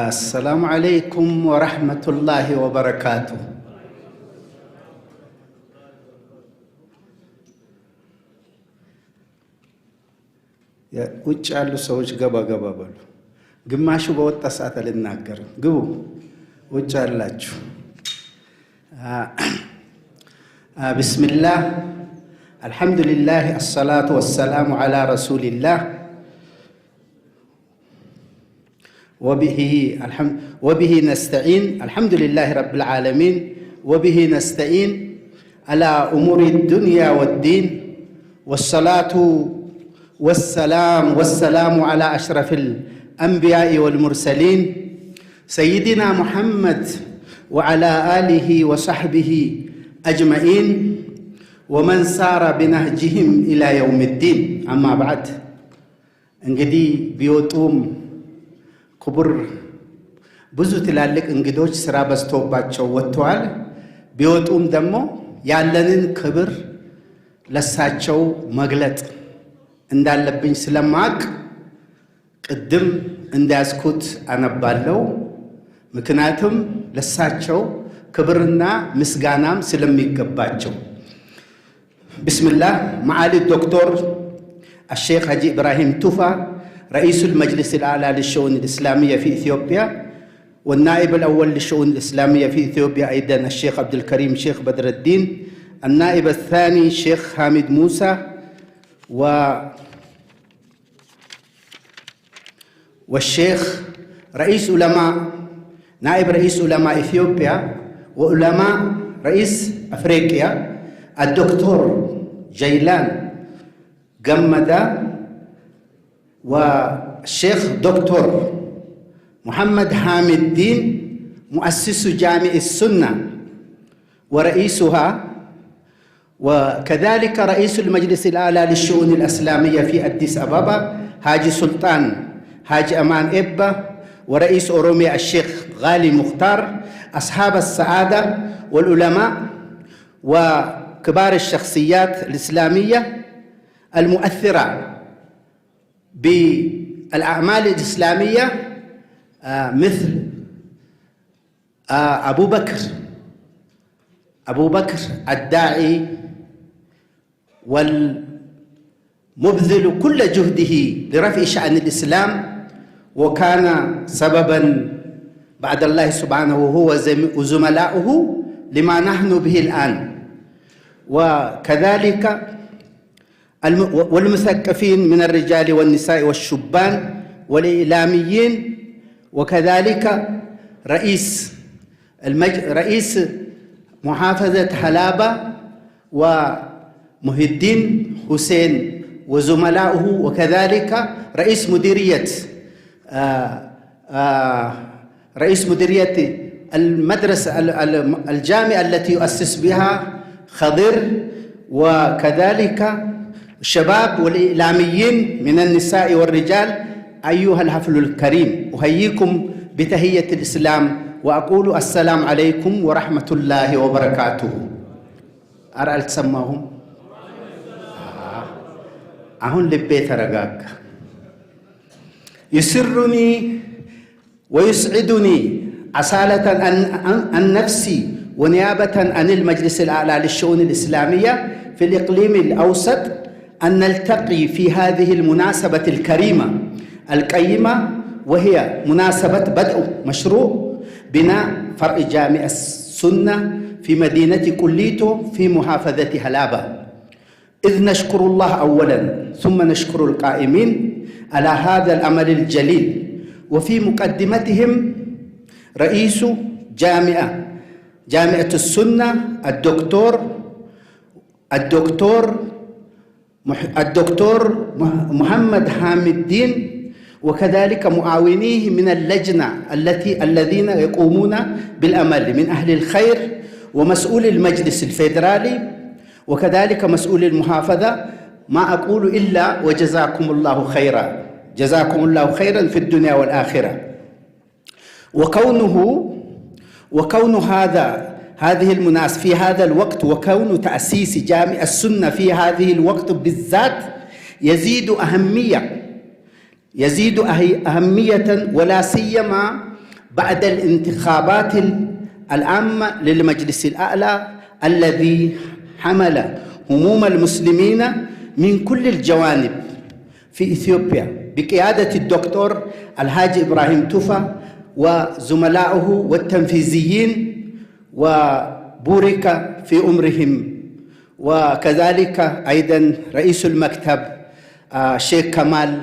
አሰላሙ አለይኩም ወረሕመቱላሂ ወበረካቱ። ውጭ ያሉ ሰዎች ገባ ገባ በሉ። ግማሹ በወጣ ሰዓት አልናገርም። ግቡ ውጭ ያላችሁ። ቢስሚላህ አልሐምዱሊላህ አሰላቱ ወሰላሙ ዓላ ረሱሊላህ وبه الحمد وبه نستعين الحمد لله رب العالمين وبه نستعين على امور الدنيا والدين والصلاه والسلام والسلام على اشرف الانبياء والمرسلين سيدنا محمد وعلى اله وصحبه اجمعين ومن سار بنهجهم الى يوم الدين اما بعد انجدي بيوتوم ክቡር ብዙ ትላልቅ እንግዶች ስራ በዝቶባቸው ወጥተዋል። ቢወጡም ደግሞ ያለንን ክብር ለሳቸው መግለጥ እንዳለብኝ ስለማቅ ቅድም እንዳያስኩት አነባለው። ምክንያቱም ለሳቸው ክብርና ምስጋናም ስለሚገባቸው ብስምላህ መዓሊ ዶክተር አሼክ ሀጂ ኢብራሂም ቱፋ رئيس المجلس الأعلى للشؤون الإسلامية في إثيوبيا والنائب الأول للشؤون الإسلامية في إثيوبيا أيضا الشيخ عبد الكريم شيخ بدر الدين النائب الثاني الشيخ حامد موسى و والشيخ رئيس علماء نائب رئيس علماء إثيوبيا وعلماء رئيس أفريقيا الدكتور جيلان جمدا والشيخ دكتور محمد حامد الدين مؤسس جامع السنة ورئيسها وكذلك رئيس المجلس الأعلى للشؤون الأسلامية في أديس أبابا هاجي سلطان هاجي أمان إبا ورئيس أوروميا الشيخ غالي مختار أصحاب السعادة والعلماء وكبار الشخصيات الإسلامية المؤثرة بالاعمال الاسلاميه آه، مثل آه، ابو بكر ابو بكر الداعي والمبذل كل جهده لرفع شان الاسلام وكان سببا بعد الله سبحانه وهو وزملاؤه لما نحن به الان وكذلك والمثقفين من الرجال والنساء والشبان والإعلاميين وكذلك رئيس المج... رئيس محافظة حلابة ومهي الدين حسين وزملائه وكذلك رئيس مديرية آ... آه، آ... آه، رئيس مديرية المدرسة الجامعة التي يؤسس بها خضر وكذلك الشباب والإعلاميين من النساء والرجال أيها الحفل الكريم أحييكم بتهية الإسلام وأقول السلام عليكم ورحمة الله وبركاته أرأل تسمعهم آه. أهون لبيت رقاك يسرني ويسعدني أصالة عن نفسي ونيابة عن المجلس الأعلى للشؤون الإسلامية في الإقليم الأوسط أن نلتقي في هذه المناسبة الكريمة القيمة وهي مناسبة بدء مشروع بناء فرع جامع السنة في مدينة كليتو في محافظة هلابة إذ نشكر الله أولا ثم نشكر القائمين على هذا العمل الجليل وفي مقدمتهم رئيس جامعة جامعة السنة الدكتور الدكتور الدكتور محمد حامد الدين وكذلك معاونيه من اللجنة التي الذين يقومون بالأمل من أهل الخير ومسؤول المجلس الفيدرالي وكذلك مسؤول المحافظة ما أقول إلا وجزاكم الله خيرا جزاكم الله خيرا في الدنيا والآخرة وكونه وكون هذا هذه المناسبة في هذا الوقت وكون تأسيس جامع السنة في هذه الوقت بالذات يزيد أهمية يزيد أهمية ولا سيما بعد الانتخابات العامة للمجلس الأعلى الذي حمل هموم المسلمين من كل الجوانب في إثيوبيا بقيادة الدكتور الهاج إبراهيم توفى وزملائه والتنفيذيين وبورك في أمرهم وكذلك أيضا رئيس المكتب آه، الشيخ كمال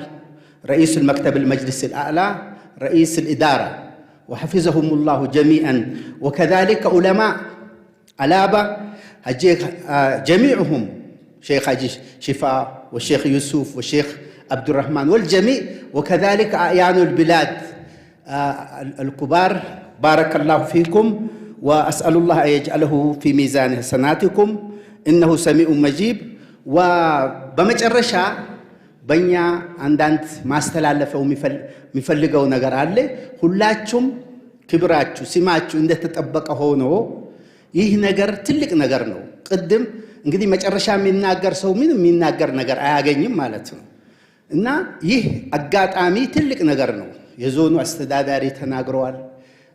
رئيس المكتب المجلس الأعلى رئيس الإدارة وحفظهم الله جميعا وكذلك علماء علابة آه، جميعهم شيخ حجي شفاء والشيخ يوسف والشيخ عبد الرحمن والجميع وكذلك أعيان البلاد آه، الكبار بارك الله فيكم ወአስአሉላህ አየጅአለሁ ፊ ሚዛን ሰናቲኩም እነሁ ሰሚዑ መጂብ። በመጨረሻ በእኛ አንዳንድ ማስተላለፈው የሚፈልገው ነገር አለ። ሁላችሁም ክብራችሁ ስማችሁ እንደተጠበቀ ሆኖ ይህ ነገር ትልቅ ነገር ነው። ቅድም እንግዲህ መጨረሻ የሚናገር ሰው ምን የሚናገር ነገር አያገኝም ማለት ነው እና ይህ አጋጣሚ ትልቅ ነገር ነው። የዞኑ አስተዳዳሪ ተናግረዋል።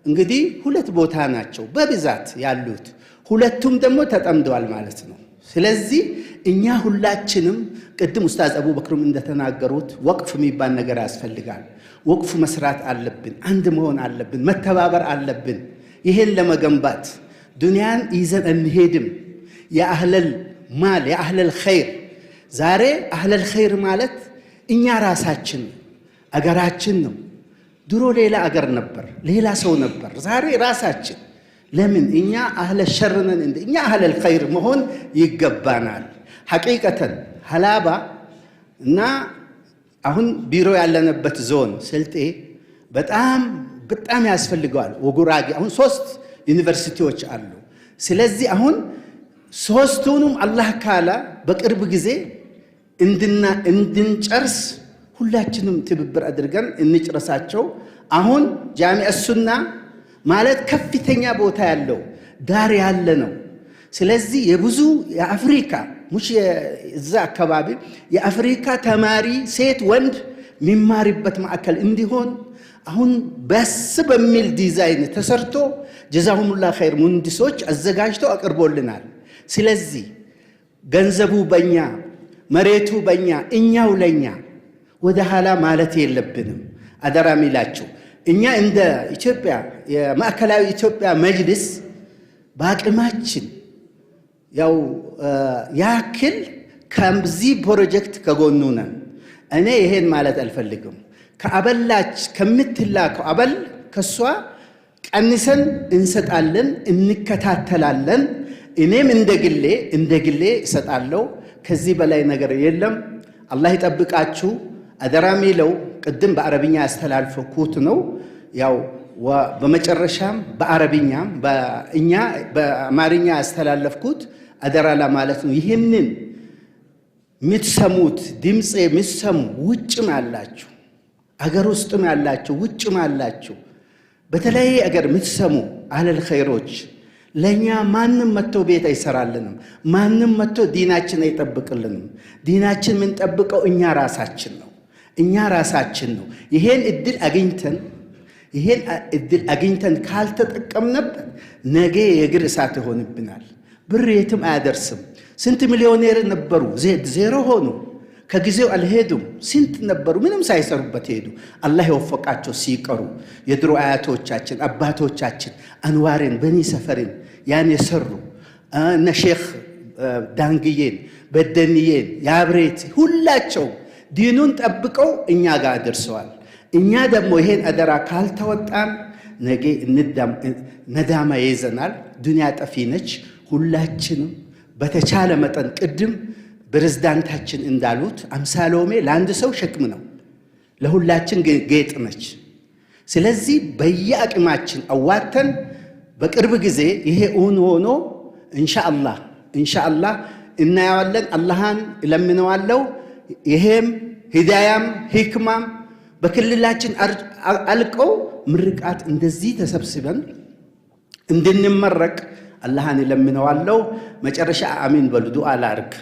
እንግዲህ ሁለት ቦታ ናቸው በብዛት ያሉት፣ ሁለቱም ደግሞ ተጠምደዋል ማለት ነው። ስለዚህ እኛ ሁላችንም ቅድም ኡስታዝ አቡበክርም እንደተናገሩት ወቅፍ የሚባል ነገር ያስፈልጋል። ወቅፍ መስራት አለብን፣ አንድ መሆን አለብን፣ መተባበር አለብን። ይሄን ለመገንባት ዱንያን ይዘን እንሄድም። የአህለል ማል የአህለል ኸይር ዛሬ አህለል ኸይር ማለት እኛ ራሳችን ነው፣ አገራችን ነው ድሮ ሌላ አገር ነበር፣ ሌላ ሰው ነበር። ዛሬ ራሳችን ለምን እኛ አህለ ሸርነን እንደ እኛ አህለ ልኸይር መሆን ይገባናል። ሐቂቀተን ሀላባ እና አሁን ቢሮ ያለንበት ዞን ስልጤ በጣም በጣም ያስፈልገዋል። ወጉራጌ አሁን ሶስት ዩኒቨርሲቲዎች አሉ። ስለዚህ አሁን ሶስቱንም አላህ ካላ በቅርብ ጊዜ እንድና እንድንጨርስ ሁላችንም ትብብር አድርገን እንጭረሳቸው። አሁን ጃሚዕ ሱና ማለት ከፍተኛ ቦታ ያለው ዳር ያለ ነው። ስለዚህ የብዙ የአፍሪካ ሙሽ እዛ አካባቢ የአፍሪካ ተማሪ ሴት ወንድ የሚማሪበት ማዕከል እንዲሆን አሁን በስ በሚል ዲዛይን ተሰርቶ ጀዛሁሙላ ኸይር ሙንዲሶች አዘጋጅተው አቅርቦልናል። ስለዚህ ገንዘቡ በእኛ መሬቱ በእኛ እኛው ለእኛ ወደ ኋላ ማለት የለብንም። አደራ ሚላችሁ እኛ እንደ ኢትዮጵያ የማዕከላዊ ኢትዮጵያ መጅልስ በአቅማችን ያው ያክል ከዚህ ፕሮጀክት ከጎኑ ነን። እኔ ይሄን ማለት አልፈልግም። ከአበላች ከምትላከው አበል ከሷ ቀንሰን እንሰጣለን፣ እንከታተላለን። እኔም እንደ ግሌ እንደ ግሌ እሰጣለሁ። ከዚህ በላይ ነገር የለም። አላህ ይጠብቃችሁ። አደራ የሚለው ቅድም በአረብኛ ያስተላልፈኩት ነው። ያው በመጨረሻም በአረብኛም በእኛ በአማርኛ ያስተላለፍኩት አደራ ለማለት ነው። ይህንን የምትሰሙት ድምፅ የምትሰሙ ውጭም አላችሁ፣ አገር ውስጥም ያላችሁ፣ ውጭም አላችሁ፣ በተለያየ አገር የምትሰሙ አለል ኸይሮች ለእኛ ማንም መጥቶ ቤት አይሰራልንም። ማንም መጥቶ ዲናችን አይጠብቅልንም። ዲናችን የምንጠብቀው እኛ ራሳችን ነው። እኛ ራሳችን ነው። ይሄን እድል አግኝተን ይሄን እድል አግኝተን ነበር ነገ የእግር እሳት ይሆንብናል። ብር የትም አያደርስም። ስንት ሚሊዮኔር ነበሩ፣ ዜሮ ሆኑ። ከጊዜው አልሄዱም። ስንት ነበሩ፣ ምንም ሳይሰሩበት ሄዱ። አላህ የወፈቃቸው ሲቀሩ የድሮ አያቶቻችን አባቶቻችን አንዋሬን፣ በኒ ሰፈሬን ያን የሰሩ እነ ሼክ ዳንግዬን በደንዬን የአብሬት ሁላቸው ዲኑን ጠብቀው እኛ ጋር አድርሰዋል። እኛ ደግሞ ይሄን አደራ ካልተወጣን ነገ ነዳማ ይዘናል። ዱንያ ጠፊ ነች። ሁላችንም በተቻለ መጠን ቅድም ፕሬዝዳንታችን እንዳሉት አምሳሎሜ ለአንድ ሰው ሸክም ነው፣ ለሁላችን ጌጥ ነች። ስለዚህ በየአቅማችን አዋተን በቅርብ ጊዜ ይሄ እውን ሆኖ እንሻአላህ እንሻአላህ እናየዋለን። አላህን እለምነዋለው። ይሄም ሂዳያም ሂክማም በክልላችን አልቀው ምርቃት እንደዚህ ተሰብስበን እንድንመረቅ አላህን እለምነዋለሁ። መጨረሻ አሚን በሉ፣ ዱዓ ላርግ።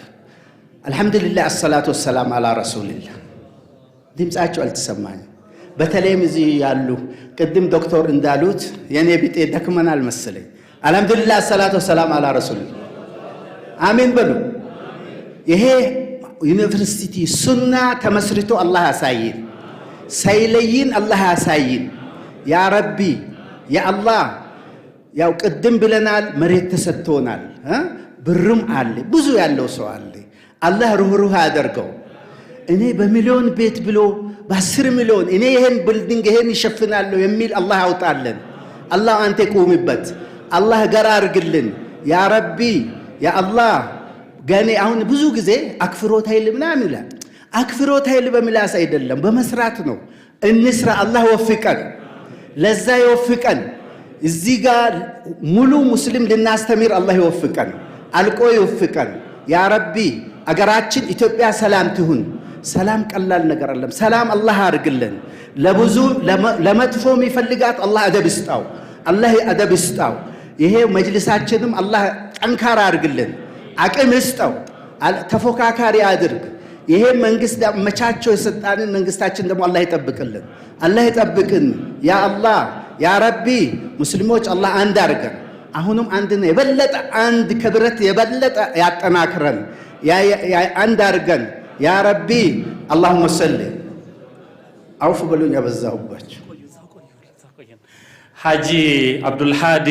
አልሐምዱሊላህ አሰላቱ ወሰላም አላ ረሱልላህ። ድምፃቸው አልተሰማኝ በተለይም እዚህ ያሉ ቅድም ዶክተር እንዳሉት የእኔ ቢጤ ደክመናል መሰለኝ። አልሐምዱሊላህ አሰላቱ ወሰላም አላ ረሱልላህ። አሚን በሉ ይሄ ዩኒቨርሲቲ ሱና ተመስርቶ አላህ ያሳይን፣ ሳይለይን አላህ ያሳይን። ያ ረቢ የአላ ያው ቅድም ብለናል፣ መሬት ተሰጥቶናል፣ ብርም አለ፣ ብዙ ያለው ሰው አለ። አላህ ሩህሩህ አደርገው እኔ በሚሊዮን ቤት ብሎ በአስር ሚሊዮን እኔ ይሄን ቢልዲንግ ይሄን ይሸፍናለሁ የሚል አላህ ያውጣለን። አላህ አንተ ቁምበት፣ አላህ ገራ አርግልን። ያ ረቢ ያ ገኔ አሁን ብዙ ጊዜ አክፍሮት ኃይል ምናምን ይላል። አክፍሮት ኃይል በምላስ አይደለም፣ በመስራት ነው። እንስራ። አላህ ወፍቀን፣ ለዛ ይወፍቀን። እዚህ ጋር ሙሉ ሙስሊም ልናስተምር አላህ ይወፍቀን፣ አልቆ ይወፍቀን። ያ ረቢ አገራችን ኢትዮጵያ ሰላም ትሁን። ሰላም ቀላል ነገር አለም። ሰላም አላህ አርግልን ለብዙ ለመጥፎ የሚፈልጋት አላህ አደብ ይስጣው፣ አላህ አደብ ይስጣው። ይሄ መጅልሳችንም አላህ ጠንካራ አድርግልን። አቅም ስጠው፣ ተፎካካሪ አድርግ። ይሄ መንግስት መቻቸው የሰጣንን መንግስታችን ደግሞ አላህ ይጠብቅልን፣ አላህ ይጠብቅን። ያ አላህ ያ ረቢ፣ ሙስሊሞች አላህ አንድ አድርገን አሁንም አንድ የበለጠ አንድ ክብረት የበለጠ ያጠናክረን አንድ አድርገን ያ ረቢ። አላሁመ ሰሊ አውፍ በሉን ያበዛሁባቸው ሐጂ አብዱልሃዲ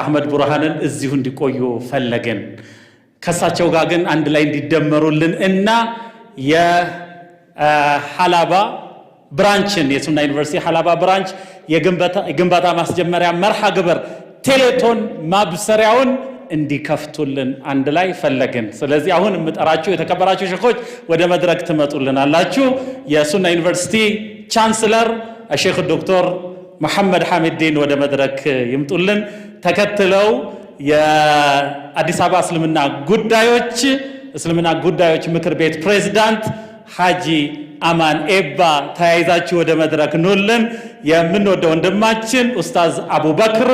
አህመድ ቡርሃንን እዚሁ እንዲቆዩ ፈለግን። ከእሳቸው ጋር ግን አንድ ላይ እንዲደመሩልን እና የሀላባ ብራንችን የሱና ዩኒቨርሲቲ ሐላባ ብራንች የግንባታ ማስጀመሪያ መርሃ ግብር ቴሌቶን ማብሰሪያውን እንዲከፍቱልን አንድ ላይ ፈለግን። ስለዚህ አሁን የምጠራችሁ የተከበራችሁ ሼኾች ወደ መድረክ ትመጡልን አላችሁ። የሱና ዩኒቨርሲቲ ቻንስለር ሼክ ዶክተር መሐመድ ሐሚዲን ወደ መድረክ ይምጡልን። ተከትለው የአዲስ አበባ እስልምና ጉዳዮች እስልምና ጉዳዮች ምክር ቤት ፕሬዝዳንት ሐጂ አማን ኤባ ተያይዛችሁ ወደ መድረክ ኑልን። የምንወደው ወንድማችን ኡስታዝ አቡበክር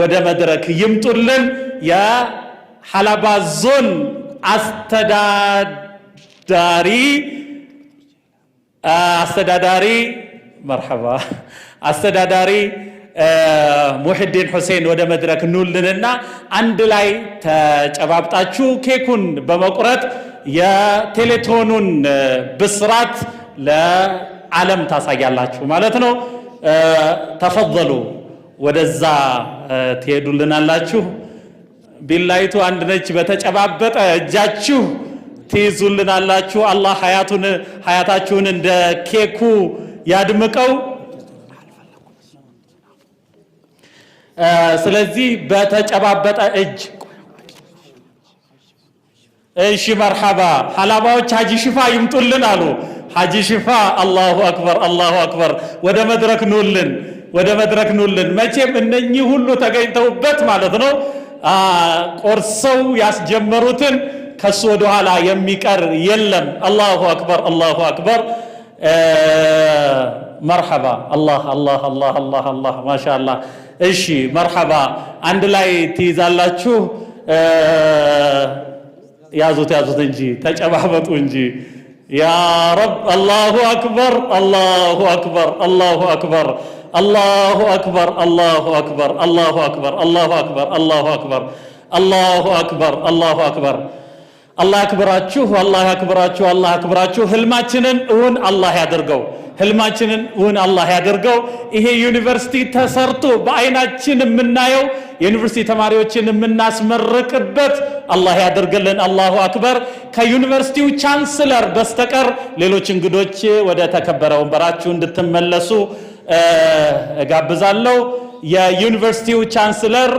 ወደ መድረክ ይምጡልን። የሐላባ ዞን አስተዳዳሪ አስተዳዳሪ መርሐባ አስተዳዳሪ ሙሕዲን ሁሴን ወደ መድረክ ኑልንና አንድ ላይ ተጨባብጣችሁ ኬኩን በመቁረጥ የቴሌቶኑን ብስራት ለዓለም ታሳያላችሁ ማለት ነው። ተፈضሉ ወደዛ ትሄዱልናላችሁ። ቢላይቱ አንድ ነች። በተጨባበጠ እጃችሁ ትይዙልናላችሁ። አላህ ሀያታችሁን እንደ ኬኩ ያድምቀው። ስለዚህ በተጨባበጠ እጅ እሺ፣ መርሐባ ሐላባዎች ሀጂ ሽፋ ይምጡልን አሉ። ሀጂ ሽፋ አላሁ አክበር፣ አላሁ አክበር። ወደ መድረክ ኑልን፣ ወደ መድረክ ኑልን። መቼም እነኚህ ሁሉ ተገኝተውበት ማለት ነው ቆርሰው ያስጀመሩትን ከሱ ወደ ኋላ የሚቀር የለም። አላሁ አክበር፣ አላሁ አክበር። መርሐባ። አላህ አላህ አላህ አላህ ማሻአላህ እሺ መርሐባ አንድ ላይ ትይዛላችሁ። ያዙት ያዙት እንጂ ተጨባበጡ እንጂ። ያ ረብ አላሁ አክበር አላሁ አክበር አላሁ አክበር አላሁ አክበር አላሁ አክበር አላሁ አክበር አላሁ አክበር አላሁ አክበር አላሁ አክበር አላሁ አክበር አላህ ያክብራችሁ፣ አላህ ያክብራችሁ፣ አላህ ያክብራችሁ። ህልማችንን እውን አላህ ያደርገው፣ ህልማችንን እውን አላህ ያደርገው። ይሄ ዩኒቨርሲቲ ተሰርቶ በአይናችን የምናየው የዩኒቨርሲቲ ተማሪዎችን የምናስመርቅበት አላህ ያደርግልን። አላሁ አክበር። ከዩኒቨርሲቲው ቻንስለር በስተቀር ሌሎች እንግዶች ወደ ተከበረ ወንበራችሁ እንድትመለሱ እጋብዛለሁ። የዩኒቨርሲቲው ቻንስለር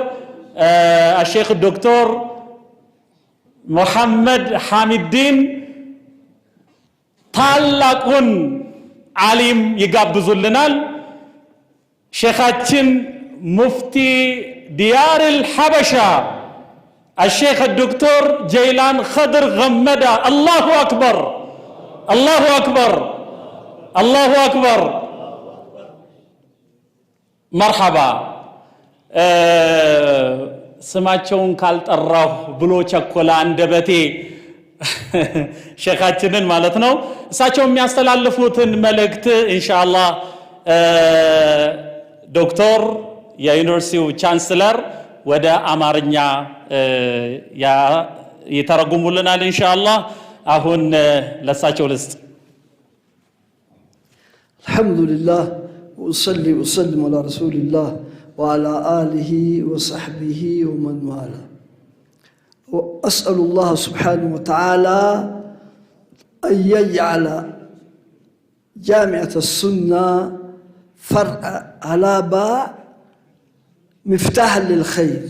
አሼክ ዶክተር محمد حامد الدين طالقون عليم يقبضوا لنال شيخاتشن مفتي ديار الحبشة الشيخ الدكتور جيلان خضر غمدة الله أكبر الله أكبر الله أكبر مرحبا ስማቸውን ካልጠራሁ ብሎ ቸኮለ አንደበቴ። ሸካችንን ማለት ነው። እሳቸው የሚያስተላልፉትን መልእክት እንሻላ ዶክተር የዩኒቨርሲቲው ቻንስለር ወደ አማርኛ ይተረጉሙልናል እንሻላ አሁን ለእሳቸው ልስጥ። አልሐምዱሊላህ ወሰሊ ወሰልም አላ ረሱሊላህ وعلى آله وصحبه ومن والاه وأسأل الله سبحانه وتعالى أن يجعل جامعة السنة فرع على باء مفتاحا للخير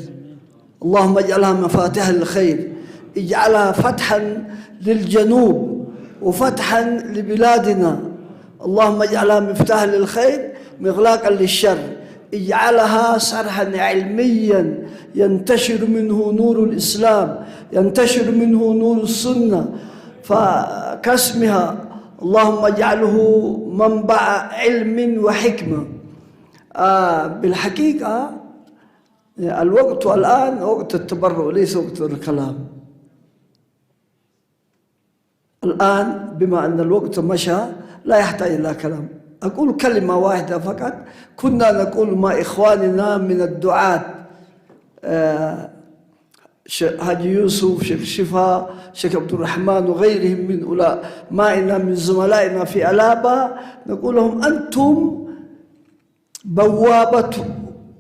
اللهم اجعلها مفاتيح للخير اجعلها فتحا للجنوب وفتحا لبلادنا اللهم اجعلها مفتاحا للخير مغلاقا للشر اجعلها شرحا علميا ينتشر منه نور الإسلام ينتشر منه نور السنة فكاسمها اللهم اجعله منبع علم وحكمة آه بالحقيقة الوقت الآن وقت التبرع ليس وقت الكلام الآن بما أن الوقت مشى لا يحتاج إلى كلام أقول كلمة واحدة فقط كنا نقول مع إخواننا من الدعاة آه، حاج يوسف شيخ شفا شيخ عبد الرحمن وغيرهم من أولئك معنا من زملائنا في ألابا نقول لهم أنتم بوابة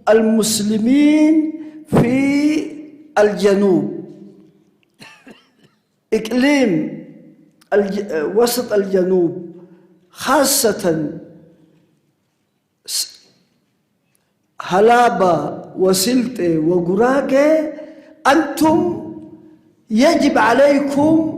المسلمين في الجنوب إقليم وسط الجنوب خاصة هلابا وسلطة وقراقة أنتم يجب عليكم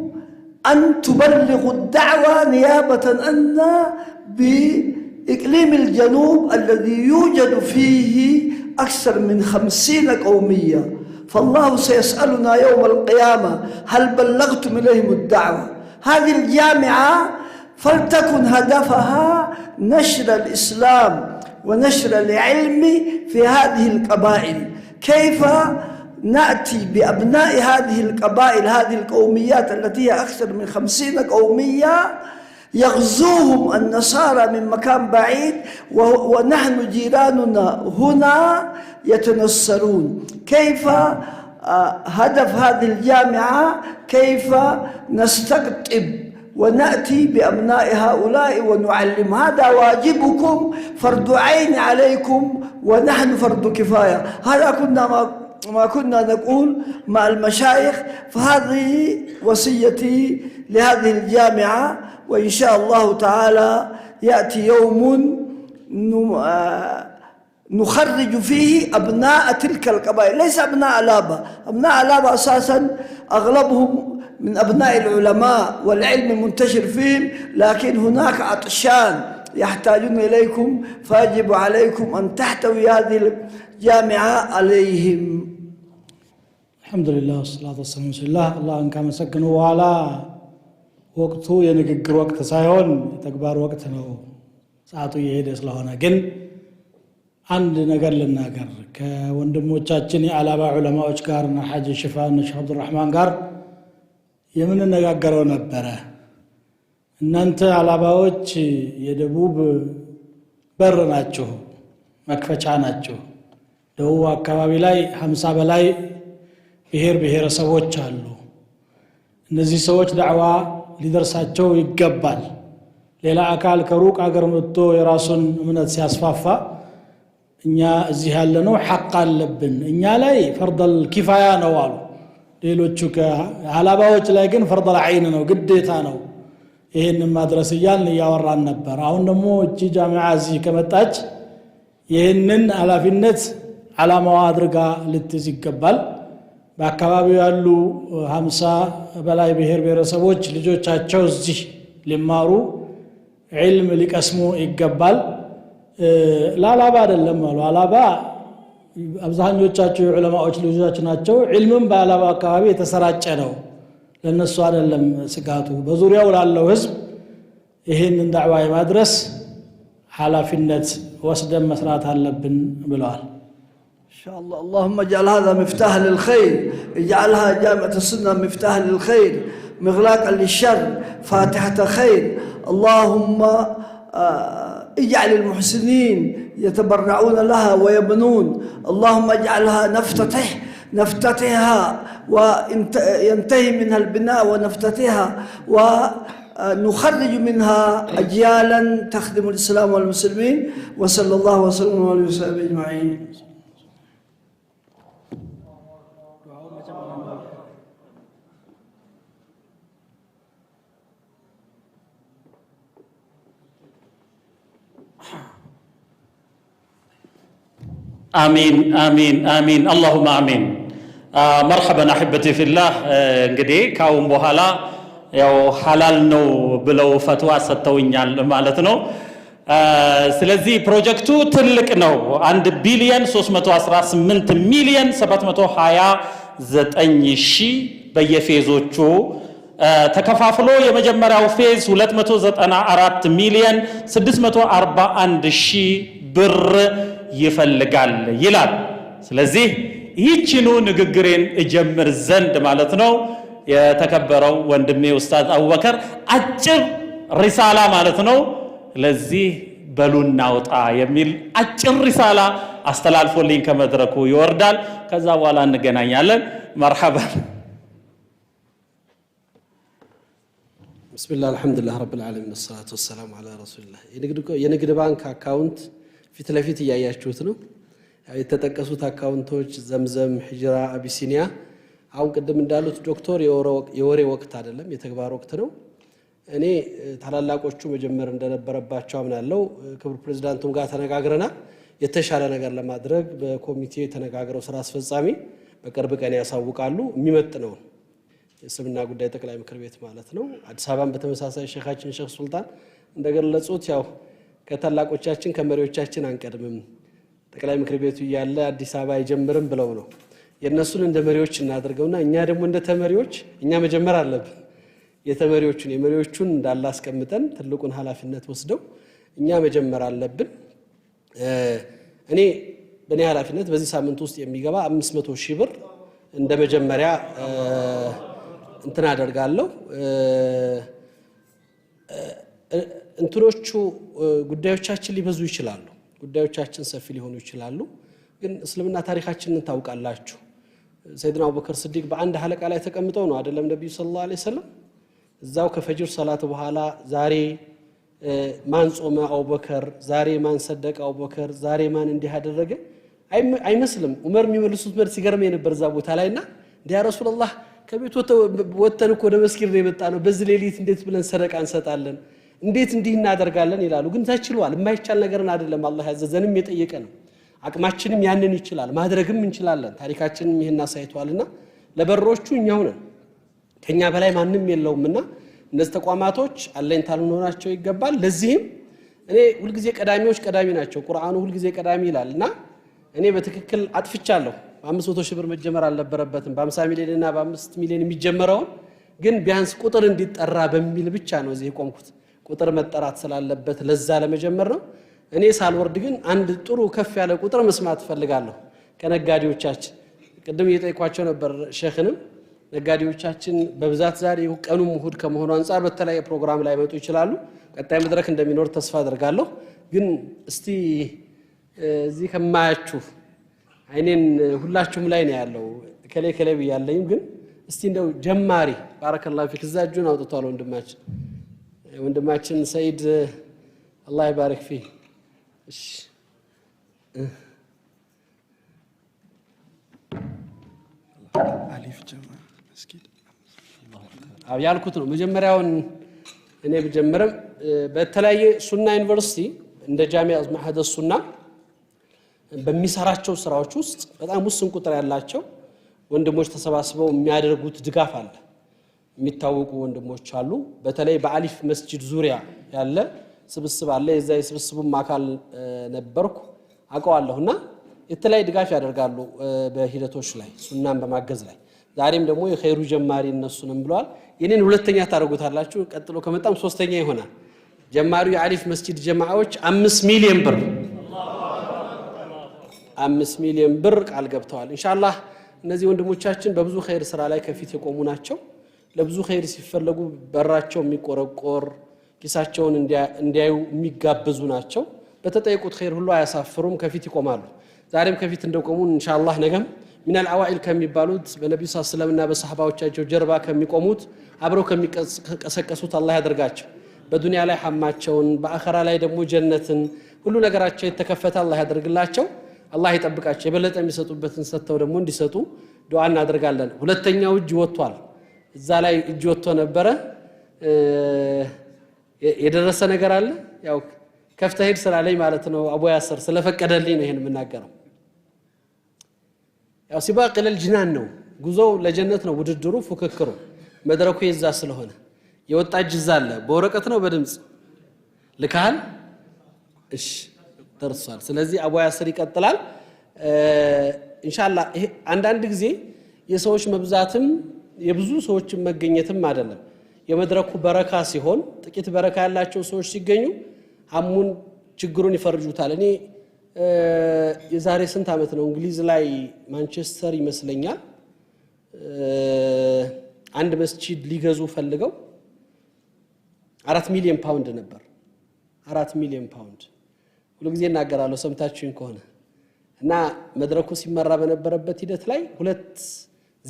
أن تبلغوا الدعوة نيابة عنا بإقليم الجنوب الذي يوجد فيه أكثر من خمسين قومية فالله سيسألنا يوم القيامة هل بلغتم إليهم الدعوة هذه الجامعة فلتكن هدفها نشر الإسلام ونشر العلم في هذه القبائل كيف نأتي بأبناء هذه القبائل هذه القوميات التي هي أكثر من خمسين قومية يغزوهم النصارى من مكان بعيد ونحن جيراننا هنا يتنصرون كيف آه، هدف هذه الجامعة كيف نستقطب ونأتي بأبناء هؤلاء ونعلم هذا واجبكم فرض عين عليكم ونحن فرض كفاية هذا كنا ما ما كنا نقول مع المشايخ فهذه وصيتي لهذه الجامعة وإن شاء الله تعالى يأتي يوم آه، نخرج فيه أبناء تلك القبائل ليس أبناء لابا أبناء لابا أساسا أغلبهم من أبناء العلماء والعلم المنتشر فيهم لكن هناك عطشان يحتاجون إليكم فيجب عليكم أن تحتوي هذه الجامعة عليهم الحمد لله والصلاة والسلام على الله الله إن كان مسكن وعلى وقته ينقر وقت سايون تكبار وقت ساعته يهيد እየሄደ ስለሆነ عند نقر ነገር ልናገር ከወንድሞቻችን የአላባ ዑለማዎች ጋር እና ሐጂ ሽፋ እና ሼክ አብዱራህማን የምንነጋገረው ነበረ። እናንተ አላባዎች የደቡብ በር ናችሁ፣ መክፈቻ ናችሁ። ደቡብ አካባቢ ላይ ሀምሳ በላይ ብሔር ብሔረሰቦች አሉ። እነዚህ ሰዎች ዳዕዋ ሊደርሳቸው ይገባል። ሌላ አካል ከሩቅ አገር መጥቶ የራሱን እምነት ሲያስፋፋ እኛ እዚህ ያለነው ሐቅ አለብን፣ እኛ ላይ ፈርደል ኪፋያ ነው አሉ። ሌሎቹ ከአላባዎች ላይ ግን ፈርድ አይን ነው ግዴታ ነው ይህን ማድረስ እያልን እያወራን ነበር አሁን ደግሞ እቺ ጃሚዓ እዚህ ከመጣች ይህንን ኃላፊነት ዓላማዋ አድርጋ ልትይዝ ይገባል በአካባቢው ያሉ ሀምሳ በላይ ብሔር ብሔረሰቦች ልጆቻቸው እዚህ ሊማሩ ዒልም ሊቀስሙ ይገባል ለአላባ አይደለም አሉ አላባ አብዛኞቻቸው የዑለማዎች ልጆች ናቸው ዕልምም በአላባ አካባቢ የተሰራጨ ነው ለእነሱ አይደለም ስጋቱ በዙሪያው ላለው ህዝብ ይህንን ዳዕዋ የማድረስ ኃላፊነት ወስደን መስራት አለብን ብለዋል إن شاء الله اللهم اجعل هذا مفتاح للخير اجعلها جامعة السنة مفتاح للخير مغلاقا للشر فاتحة خير اللهم آه اجعل المحسنين يتبرعون لها ويبنون اللهم اجعلها نفتتح نفتتحها وينتهي منها البناء ونفتتحها ونخرج منها أجيالا تخدم الإسلام والمسلمين وصلى الله وسلم على وصحبه أجمعين አሚን አሚን አሚን አላሁማ አሚን። መርሐበን አሕበቲ ፊላህ። እንግዲህ ካሁን በኋላ ያው ሐላል ነው ብለው ፈትዋ ሰጥተውኛል ማለት ነው። ስለዚህ ፕሮጀክቱ ትልቅ ነው። 1 ቢሊየን 318 ሚሊዮን 729 ሺህ በየፌዞቹ ተከፋፍሎ የመጀመሪያው ፌዝ 294 ሚሊዮን 641 ሺህ ብር ይፈልጋል ይላል። ስለዚህ ይህችኑ ንግግሬን እጀምር ዘንድ ማለት ነው የተከበረው ወንድሜ ኡስታዝ አቡበከር አጭር ሪሳላ ማለት ነው ለዚህ በሉና ውጣ የሚል አጭር ሪሳላ አስተላልፎልኝ ከመድረኩ ይወርዳል። ከዛ በኋላ እንገናኛለን። መርሐበን። ብስሚላህ አልሐምዱሊላህ ረብልዓለሚን ዓለሚን ወሰላቱ ወሰላሙ ዓላ ረሱሊላህ። የንግድ ባንክ አካውንት ፊት ለፊት እያያችሁት ነው። የተጠቀሱት አካውንቶች ዘምዘም፣ ሂጅራ፣ አቢሲኒያ አሁን ቅድም እንዳሉት ዶክተር የወሬ ወቅት አይደለም፣ የተግባር ወቅት ነው። እኔ ታላላቆቹ መጀመር እንደነበረባቸው አምናለሁ። ክቡር ፕሬዚዳንቱም ጋር ተነጋግረናል። የተሻለ ነገር ለማድረግ በኮሚቴ ተነጋግረው ስራ አስፈጻሚ በቅርብ ቀን ያሳውቃሉ። የሚመጥ ነው የእስልምና ጉዳይ ጠቅላይ ምክር ቤት ማለት ነው። አዲስ አበባን በተመሳሳይ ሼካችን ሼክ ሱልጣን እንደገለጹት ያው ከታላቆቻችን ከመሪዎቻችን አንቀድምም፣ ጠቅላይ ምክር ቤቱ እያለ አዲስ አበባ አይጀምርም ብለው ነው። የእነሱን እንደ መሪዎች እናደርገውና እኛ ደግሞ እንደ ተመሪዎች እኛ መጀመር አለብን። የተመሪዎቹን የመሪዎቹን እንዳላስቀምጠን አስቀምጠን ትልቁን ኃላፊነት ወስደው እኛ መጀመር አለብን። እኔ በእኔ ኃላፊነት በዚህ ሳምንት ውስጥ የሚገባ አምስት መቶ ሺህ ብር እንደ መጀመሪያ እንትን አደርጋለሁ። እንትኖቹ ጉዳዮቻችን ሊበዙ ይችላሉ። ጉዳዮቻችን ሰፊ ሊሆኑ ይችላሉ። ግን እስልምና ታሪካችንን ታውቃላችሁ። ሰይድና አቡበከር ስዲቅ በአንድ ሀለቃ ላይ ተቀምጠው ነው አደለም? ነቢዩ ሰለላሁ ዐለይሂ ወሰለም እዛው ከፈጅር ሰላት በኋላ ዛሬ ማን ጾመ አቡበከር፣ ዛሬ ማን ሰደቀ አቡበከር፣ ዛሬ ማን እንዲህ አደረገ አይመስልም። ዑመር የሚመልሱት መልስ ሲገርም የነበር እዛ ቦታ ላይ እና እንዲ ረሱላላህ ከቤት ወተን እኮ ወደ መስጊድ ነው የመጣ ነው፣ በዚህ ሌሊት እንዴት ብለን ሰደቃ እንሰጣለን? እንዴት እንዲህ እናደርጋለን ይላሉ። ግን ተችሏል። የማይቻል ነገርን አይደለም። አላህ ያዘዘንም የጠየቀ ነው። አቅማችንም ያንን ይችላል፣ ማድረግም እንችላለን። ታሪካችንም ይህን አሳይተዋልና ለበሮቹ እኛው ነን፣ ከእኛ በላይ ማንም የለውምና እነዚህ ተቋማቶች አለኝታ ልንሆናቸው ይገባል። ለዚህም እኔ ሁልጊዜ ቀዳሚዎች ቀዳሚ ናቸው። ቁርአኑ ሁልጊዜ ቀዳሚ ይላል እና እኔ በትክክል አጥፍቻለሁ። በአምስት መቶ ሺህ ብር መጀመር አልነበረበትም። በአምሳ ሚሊዮን እና በአምስት ሚሊዮን የሚጀመረውን ግን ቢያንስ ቁጥር እንዲጠራ በሚል ብቻ ነው እዚህ የቆምኩት። ቁጥር መጠራት ስላለበት ለዛ ለመጀመር ነው። እኔ ሳልወርድ ግን አንድ ጥሩ ከፍ ያለ ቁጥር መስማት እፈልጋለሁ ከነጋዴዎቻችን። ቅድም እየጠየኳቸው ነበር ሸክንም ነጋዴዎቻችን በብዛት ዛሬ ቀኑም እሁድ ከመሆኑ አንጻር በተለያየ ፕሮግራም ላይ መጡ ይችላሉ። ቀጣይ መድረክ እንደሚኖር ተስፋ አደርጋለሁ። ግን እስቲ እዚህ ከማያችሁ አይኔን ሁላችሁም ላይ ነው ያለው ከሌ ከሌ ብያለኝም፣ ግን እስቲ እንደው ጀማሪ ባረከላፊክ እዛ እጁን አውጥቷል ወንድማችን ወንድማችን ሰይድ አላህ ይባረክ ፊ ያልኩት ነው። መጀመሪያውን እኔ ብጀምርም በተለያየ ሱና ዩኒቨርሲቲ እንደ ጃሚያ ማህደ ሱና በሚሰራቸው ስራዎች ውስጥ በጣም ውስን ቁጥር ያላቸው ወንድሞች ተሰባስበው የሚያደርጉት ድጋፍ አለ። የሚታወቁ ወንድሞች አሉ። በተለይ በአሊፍ መስጅድ ዙሪያ ያለ ስብስብ አለ። የዛ የስብስቡም አካል ነበርኩ አውቀዋለሁ። እና የተለያየ ድጋፍ ያደርጋሉ በሂደቶች ላይ ሱናን በማገዝ ላይ። ዛሬም ደግሞ የኸይሩ ጀማሪ እነሱንም ብለዋል። የኔን ሁለተኛ ታደርጉታላችሁ፣ ቀጥሎ ከመጣም ሶስተኛ ይሆናል። ጀማሪው የአሊፍ መስጅድ ጀማዎች አምስት ሚሊዮን ብር አምስት ሚሊዮን ብር ቃል ገብተዋል። ኢንሻአላህ እነዚህ ወንድሞቻችን በብዙ ኸይር ስራ ላይ ከፊት የቆሙ ናቸው። ለብዙ ኸይር ሲፈለጉ በራቸው የሚቆረቆር ኪሳቸውን እንዲያዩ የሚጋብዙ ናቸው። በተጠየቁት ኸይር ሁሉ አያሳፍሩም፣ ከፊት ይቆማሉ። ዛሬም ከፊት እንደቆሙ ኢንሻአላህ ነገም ሚናል አዋኢል ከሚባሉት በነቢዩ ስ ስለምና በሰሃባዎቻቸው ጀርባ ከሚቆሙት አብረው ከሚቀሰቀሱት አላህ ያደርጋቸው። በዱንያ ላይ ሐማቸውን በአኸራ ላይ ደግሞ ጀነትን ሁሉ ነገራቸው የተከፈተ አላህ ያደርግላቸው። አላህ ይጠብቃቸው። የበለጠ የሚሰጡበትን ሰጥተው ደግሞ እንዲሰጡ ዱዓ እናደርጋለን። ሁለተኛው እጅ ወጥቷል። እዛ ላይ እጅ ወጥቶ ነበረ። የደረሰ ነገር አለ ያው ከፍተህ ሂድ ስላለኝ ማለት ነው። አቡ ያሰር ስለፈቀደልኝ ነው ይሄን የምናገረው። ያው ሲባቅ ለልጅናን ነው ጉዞው ለጀነት ነው ውድድሩ፣ ፉክክሩ፣ መድረኩ የዛ ስለሆነ የወጣ እጅ እዛ አለ። በወረቀት ነው በድምፅ ልካል። እሺ ደርሷል። ስለዚህ አቡ ያሰር ይቀጥላል ኢንሻአላህ። አንዳንድ ጊዜ የሰዎች መብዛትም የብዙ ሰዎችን መገኘትም አይደለም። የመድረኩ በረካ ሲሆን ጥቂት በረካ ያላቸው ሰዎች ሲገኙ አሙን ችግሩን ይፈርጁታል። እኔ የዛሬ ስንት ዓመት ነው እንግሊዝ ላይ ማንቸስተር ይመስለኛል አንድ መስጂድ ሊገዙ ፈልገው አራት ሚሊዮን ፓውንድ ነበር። አራት ሚሊዮን ፓውንድ ሁሉ ጊዜ እናገራለሁ ሰምታችሁኝ ከሆነ እና መድረኩ ሲመራ በነበረበት ሂደት ላይ ሁለት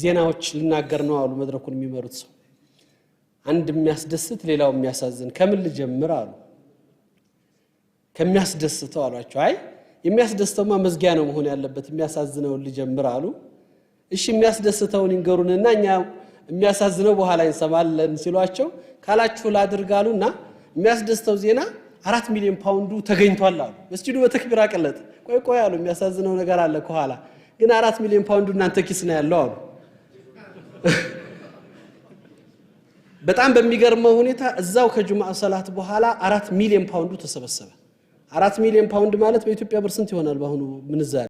ዜናዎች ልናገር ነው አሉ መድረኩን የሚመሩት ሰው። አንድ የሚያስደስት ሌላው የሚያሳዝን ከምን ልጀምር አሉ። ከሚያስደስተው አሏቸው። አይ የሚያስደስተውማ መዝጊያ ነው መሆን ያለበት፣ የሚያሳዝነውን ልጀምር አሉ። እሺ የሚያስደስተውን ይንገሩንና እኛ የሚያሳዝነው በኋላ እንሰማለን ሲሏቸው ካላችሁ እና የሚያስደስተው ዜና አራት ሚሊዮን ፓውንዱ ተገኝቷል አሉ። መስጅዱ በተክቢር አቀለጥ ቆይ ቆይ አሉ። የሚያሳዝነው ነገር አለ ከኋላ ግን አራት ሚሊዮን ፓውንዱ እናንተ ኪስ ነው ያለው አሉ። በጣም በሚገርመው ሁኔታ እዛው ከጁማ ሰላት በኋላ አራት ሚሊዮን ፓውንዱ ተሰበሰበ። አራት ሚሊዮን ፓውንድ ማለት በኢትዮጵያ ብር ስንት ይሆናል በአሁኑ ምንዛሬ?